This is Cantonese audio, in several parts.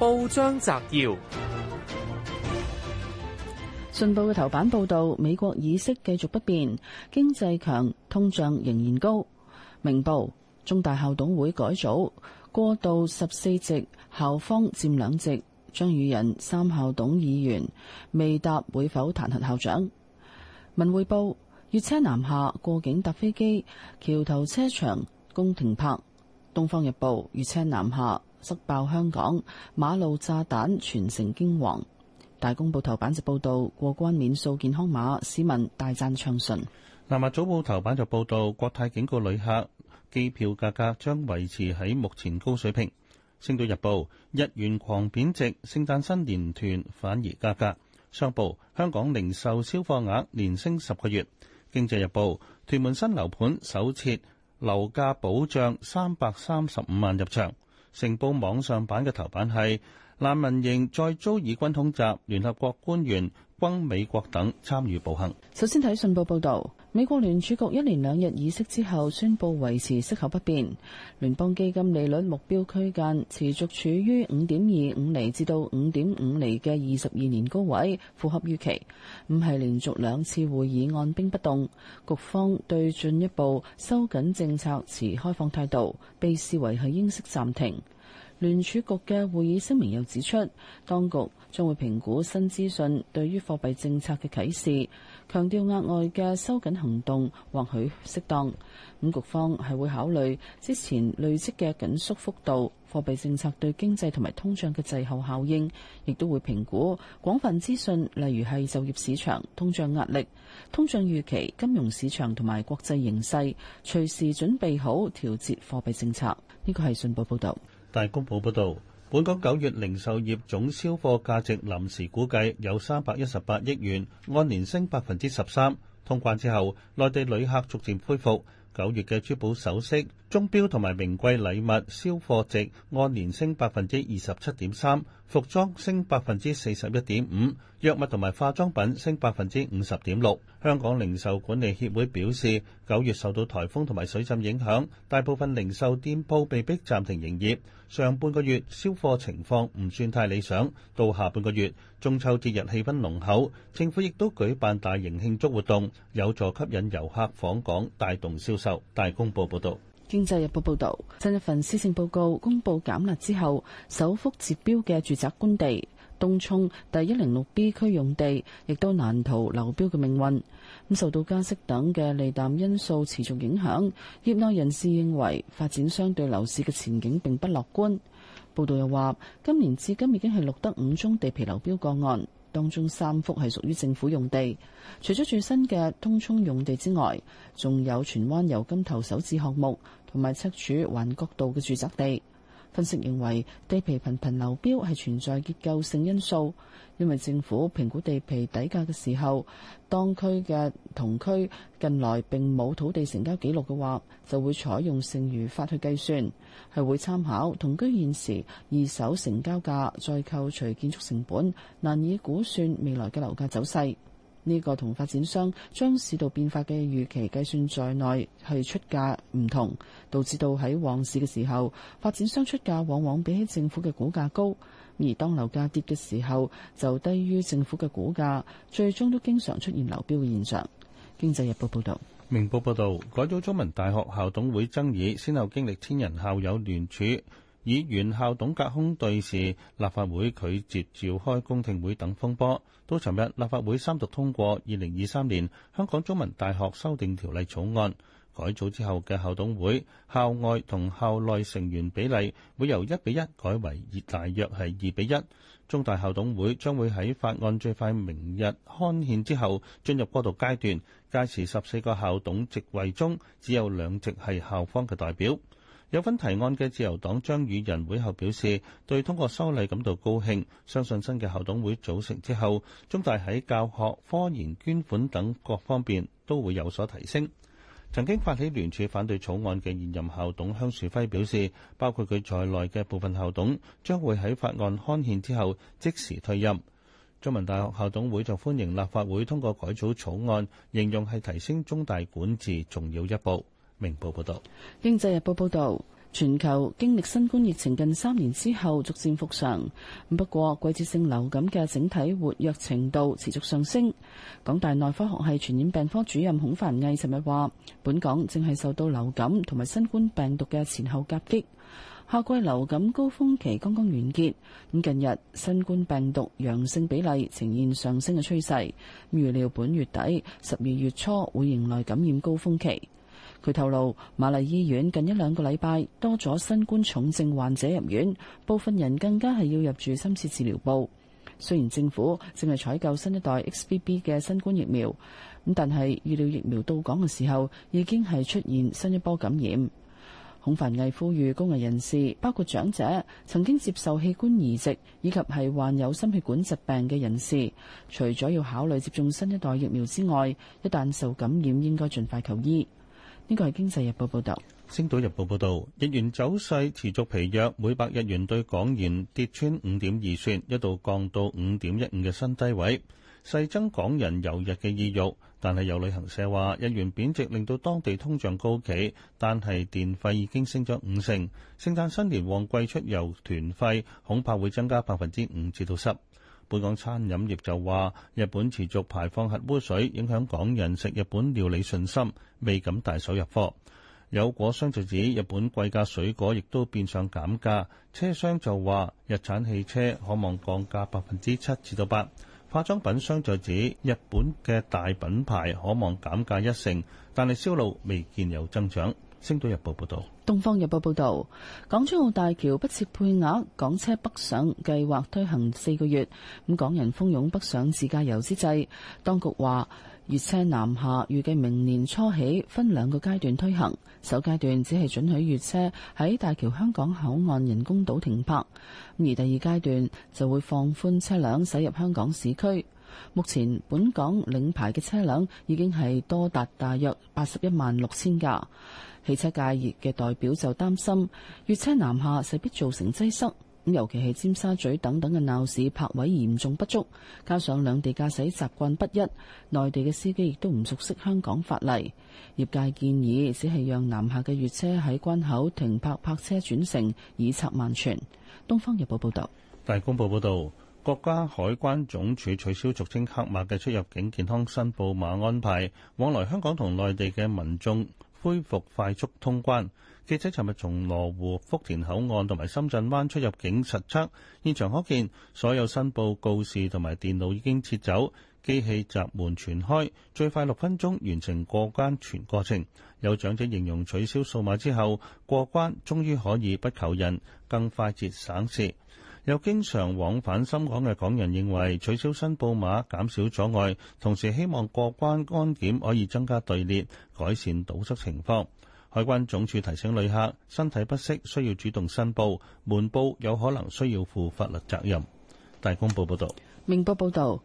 報章摘要：信報嘅頭版報道，美國意識繼續不變，經濟強，通脹仍然高。明報：中大校董會改組，過渡十四席，校方佔兩席。張宇人三校董議員未答會否彈劾校長。文匯報：粵車南下過境搭飛機，橋頭車場工停泊。東方日報：粵車南下。塞爆香港馬路，炸彈全城驚惶。大公報頭版就報道過關免掃健康碼，市民大讚暢順。南華早報頭版就報道國泰警告旅客，機票價格將維持喺目前高水平。星島日報日元狂貶值，聖誕新年團反而價格。商報香港零售銷貨額連升十個月。經濟日報屯門新樓盤首設樓價保障，三百三十五萬入場。成報網上版嘅頭版係難民營再遭以軍統集、聯合國官員、轟美國等參與暴行。首先睇信報報道。美國聯儲局一連兩日議息之後，宣佈維持息口不變，聯邦基金利率目標區間持續處於五點二五厘至到五點五厘嘅二十二年高位，符合預期。五係連續兩次會議按兵不動，局方對進一步收緊政策持開放態度，被視為係鷹式暫停。聯儲局嘅會議聲明又指出，當局將會評估新資訊對於貨幣政策嘅啟示，強調額外嘅收緊行動或許適當。咁局方係會考慮之前累積嘅緊縮幅度。貨幣政策對經濟同埋通脹嘅滯後效應，亦都會評估廣泛資訊，例如係就業市場、通脹壓力、通脹預期、金融市場同埋國際形勢，隨時準備好調節貨幣政策。呢個係信報報道，大公報報道，本港九月零售業總銷貨價值臨時估計有三百一十八億元，按年升百分之十三。通關之後，內地旅客逐漸恢復，九月嘅珠寶首飾。鐘錶同埋名貴禮物銷貨值按年升百分之二十七點三，服裝升百分之四十一點五，藥物同埋化妝品升百分之五十點六。香港零售管理協會表示，九月受到颱風同埋水浸影響，大部分零售店鋪被迫暫停營業。上半個月銷貨情況唔算太理想，到下半個月中秋節日氣氛濃厚，政府亦都舉辦大型慶祝活動，有助吸引遊客訪港，帶動銷售。大公報報導。經濟日報報道，新一份施政報告公布減壓之後，首幅截標嘅住宅官地東涌第一零六 B 區用地，亦都難逃流標嘅命運。咁受到加息等嘅利淡因素持續影響，業內人士認為發展商對樓市嘅前景並不樂觀。報道又話，今年至今已經係錄得五宗地皮流標個案。當中三幅係屬於政府用地，除咗最新嘅東涌用地之外，仲有荃灣油金頭首置項目同埋赤柱環角道嘅住宅地。分析認為，地皮頻頻流標係存在結構性因素，因為政府評估地皮底價嘅時候，當區嘅同區近來並冇土地成交記錄嘅話，就會採用剩餘法去計算，係會參考同區現時二手成交價，再扣除建築成本，難以估算未來嘅樓價走勢。呢個同發展商將市道變化嘅預期計算在內係出價唔同，導致到喺旺市嘅時候，發展商出價往往比起政府嘅股價高；而當樓價跌嘅時候，就低於政府嘅股價，最終都經常出現流標嘅現象。經濟日報報道。明報報道，改組中文大學校董會爭議，先後經歷千人校友聯署。以原校董隔空對視、立法會拒絕召開公聽會等風波，到尋日立法會三讀通過二零二三年香港中文大學修訂條例草案，改組之後嘅校董會校外同校內成員比例會由一比一改為二，大約係二比一。中大校董會將會喺法案最快明日刊憲之後進入過渡階段，屆時十四個校董席位中只有兩席係校方嘅代表。有份提案嘅自由黨張宇人會後表示，對通過修例感到高興，相信新嘅校董會組成之後，中大喺教學、科研、捐款等各方面都會有所提升。曾經發起聯署反對草案嘅現任校董香樹輝表示，包括佢在內嘅部分校董將會喺法案刊憲之後即時退任。中文大學校董會就歡迎立法會通過改組草案，形容係提升中大管治重要一步。明報報道，《經濟日報》報道，全球經歷新冠疫情近三年之後逐漸復常。不過季節性流感嘅整體活躍程度持續上升。港大內科學系傳染病科主任孔凡毅尋日話，本港正係受到流感同埋新冠病毒嘅前後夾擊。夏季流感高峰期剛剛完結，咁近日新冠病毒陽性比例呈現上升嘅趨勢，預料本月底十二月初會迎來感染高峰期。佢透露，瑪麗醫院近一兩個禮拜多咗新冠重症患者入院，部分人更加係要入住深切治療部。雖然政府正係採購新一代 XBB 嘅新冠疫苗，咁但係預料疫苗到港嘅時候，已經係出現新一波感染。孔繁毅呼籲高危人士，包括長者、曾經接受器官移植以及係患有心血管疾病嘅人士，除咗要考慮接種新一代疫苗之外，一旦受感染，應該盡快求醫。呢個係《經濟日報》報道。《星島日報》報道，日元走勢持續疲弱，每百日元對港元跌穿五點二算，一度降到五點一五嘅新低位，細增港人遊日嘅意欲。但係有旅行社話，日元貶值令到當地通脹高企，但係電費已經升咗五成，聖誕新年旺季出遊團費恐怕會增加百分之五至到十。本港餐飲業就話：日本持續排放核污水，影響港人食日本料理信心，未敢大手入貨。有果商就指日本貴價水果亦都變相減價。車商就話日產汽車可望降價百分之七至到八。化妝品商就指日本嘅大品牌可望減價一成，但係銷路未見有增長。星島日報報道，東方日報報道，港珠澳大橋不設配額，港車北上計劃推行四個月，咁港人蜂擁北上自駕遊之際，當局話，粵車南下預計明年初起分兩個階段推行，首階段只係准許粵車喺大橋香港口岸人工島停泊，而第二階段就會放寬車輛駛入香港市區。目前本港領牌嘅車輛已經係多達大約八十一萬六千架。汽車業界嘅代表就擔心粵車南下勢必造成擠塞，尤其係尖沙咀等等嘅鬧市泊位嚴重不足，加上兩地駕駛習慣不一，內地嘅司機亦都唔熟悉香港法例。業界建議只係讓南下嘅粵車喺關口停泊泊，泊車轉乘，以策萬全。東方日報報道，大公報報道。國家海關總署取消俗稱黑碼嘅出入境健康申報碼安排，往來香港同內地嘅民眾恢復快速通關。記者尋日從羅湖、福田口岸同埋深圳灣出入境實測，現場可見所有申報告示同埋電腦已經撤走，機器閘門全開，最快六分鐘完成過關全過程。有長者形容取消數碼之後，過關終於可以不求人，更快捷省事。有經常往返深港嘅港人認為取消申報碼減少阻礙，同時希望過關安檢可以增加隊列，改善堵塞情況。海關總署提醒旅客身體不適需要主動申報，瞞報有可能需要負法律責任。大公報報道。明報報道，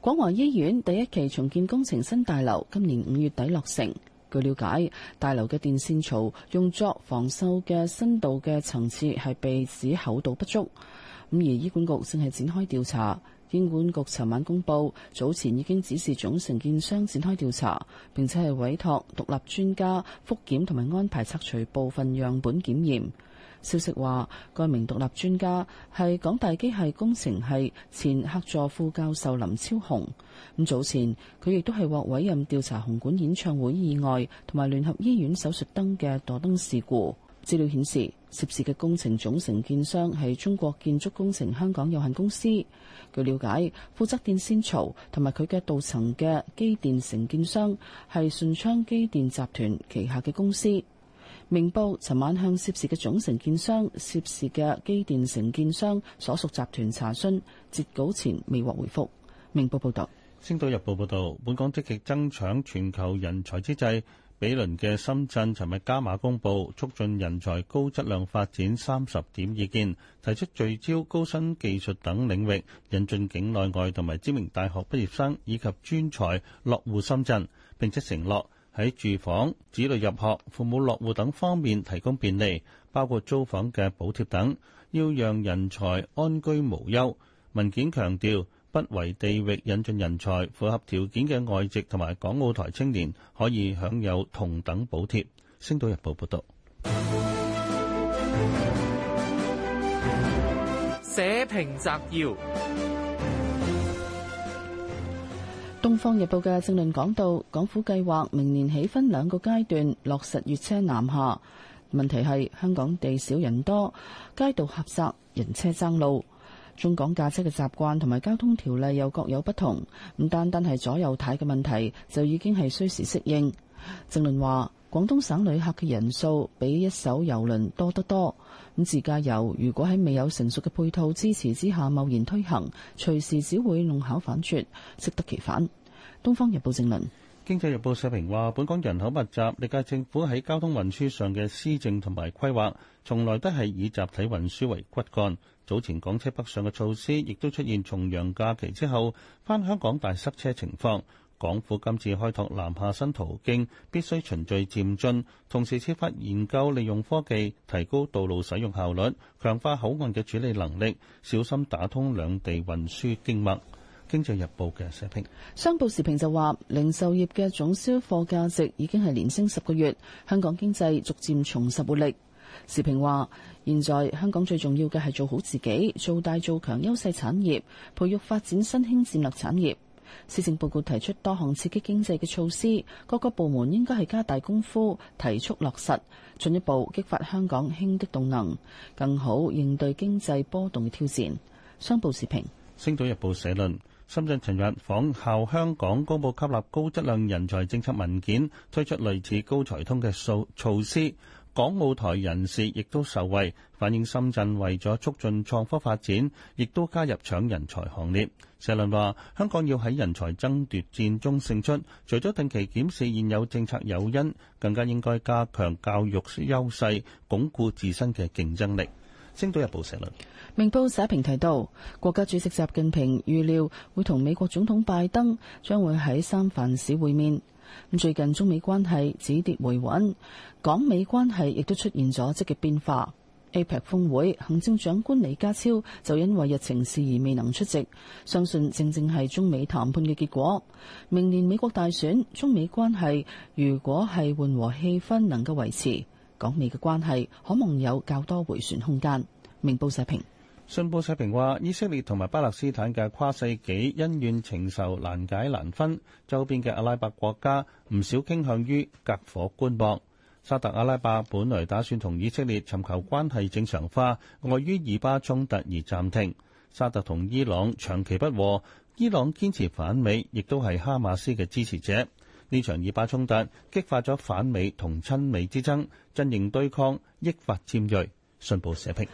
廣華醫院第一期重建工程新大樓今年五月底落成。據了解，大樓嘅電線槽用作防銹嘅深度嘅層次係被指厚度不足，咁而醫管局正係展開調查。醫管局尋晚公布，早前已經指示總承建商展開調查，並且係委託獨立專家覆檢同埋安排拆除部分樣本檢驗。消息話，該名獨立專家係港大機械工程系前客座副教授林超雄。咁早前佢亦都係獲委任調查紅館演唱會意外同埋聯合醫院手術燈嘅墮燈事故。資料顯示，涉事嘅工程總承建商係中國建築工程香港有限公司。據了解，負責電線槽同埋佢嘅道層嘅機電承建商係順昌機電集團旗下嘅公司。明報尋晚向涉事嘅總承建商、涉事嘅機電承建商所屬集團查詢，截稿前未獲回覆。明報報道。《星島日報》報道，本港積極爭搶全球人才之際，比鄰嘅深圳尋日加碼公布《促進人才高質量發展三十點意見》，提出聚焦高新技術等領域，引進境內外同埋知名大學畢業生以及專才落戶深圳，並且承諾。喺住房、子女入學、父母落戶等方面提供便利，包括租房嘅補貼等，要讓人才安居無憂。文件強調，不唯地域引進人才，符合條件嘅外籍同埋港澳台青年可以享有同等補貼。星島日報報道。社評摘要。《東方日報》嘅政論講到，港府計劃明年起分兩個階段落實粵車南下。問題係香港地少人多，街道狹窄，人車爭路。中港駕車嘅習慣同埋交通條例又各有不同，唔單單係左右睇嘅問題，就已經係需時適應。政論話。廣東省旅客嘅人數比一艘郵輪多得多。咁自駕遊如果喺未有成熟嘅配套支持之下貿然推行，隨時只會弄巧反拙，適得其反。東方日報正論，《經濟日報》社評話：本港人口密集，歷屆政府喺交通運輸上嘅施政同埋規劃，從來都係以集體運輸為骨幹。早前港車北上嘅措施，亦都出現重陽假期之後返香港大塞車情況。港府今次開拓南下新途徑，必須循序漸進，同時設法研究利用科技提高道路使用效率，強化口岸嘅處理能力，小心打通兩地運輸經脈。經濟日報嘅社評，商報時評就話，零售業嘅總銷貨價值已經係連升十個月，香港經濟逐漸重拾活力。時評話，現在香港最重要嘅係做好自己，做大做強優勢產業，培育發展新興戰略產業。施政報告提出多項刺激經濟嘅措施，各個部門應該係加大功夫，提速落實，進一步激發香港興的動能，更好應對經濟波動嘅挑戰。商報時評，《星島日報》社論：深圳尋日仿效香港公布吸納高質量人才政策文件，推出類似高才通嘅措措施。港澳台人士亦都受惠，反映深圳為咗促進創科發展，亦都加入搶人才行列。社論話：香港要喺人才爭奪戰中勝出，除咗定期檢視現有政策誘因，更加應該加強教育優勢，鞏固自身嘅競爭力。星島日報社論。明報社評提到，國家主席習近平預料會同美國總統拜登將會喺三藩市會面。最近中美關係止跌回穩，港美關係亦都出現咗積極變化。APEC 峰會行政長官李家超就因為日程事宜未能出席，相信正正係中美談判嘅結果。明年美國大選，中美關係如果係緩和氣氛能夠維持，港美嘅關係可望有較多回旋空間。明報社評。信報社評話：以色列同埋巴勒斯坦嘅跨世紀恩怨情仇難解難分，周邊嘅阿拉伯國家唔少傾向於隔火觀望。沙特阿拉伯本來打算同以色列尋求關係正常化，礙於以巴衝突而暫停。沙特同伊朗長期不和，伊朗堅持反美，亦都係哈馬斯嘅支持者。呢場以巴衝突激發咗反美同親美之爭，陣營對抗益發尖鋭。信報社評。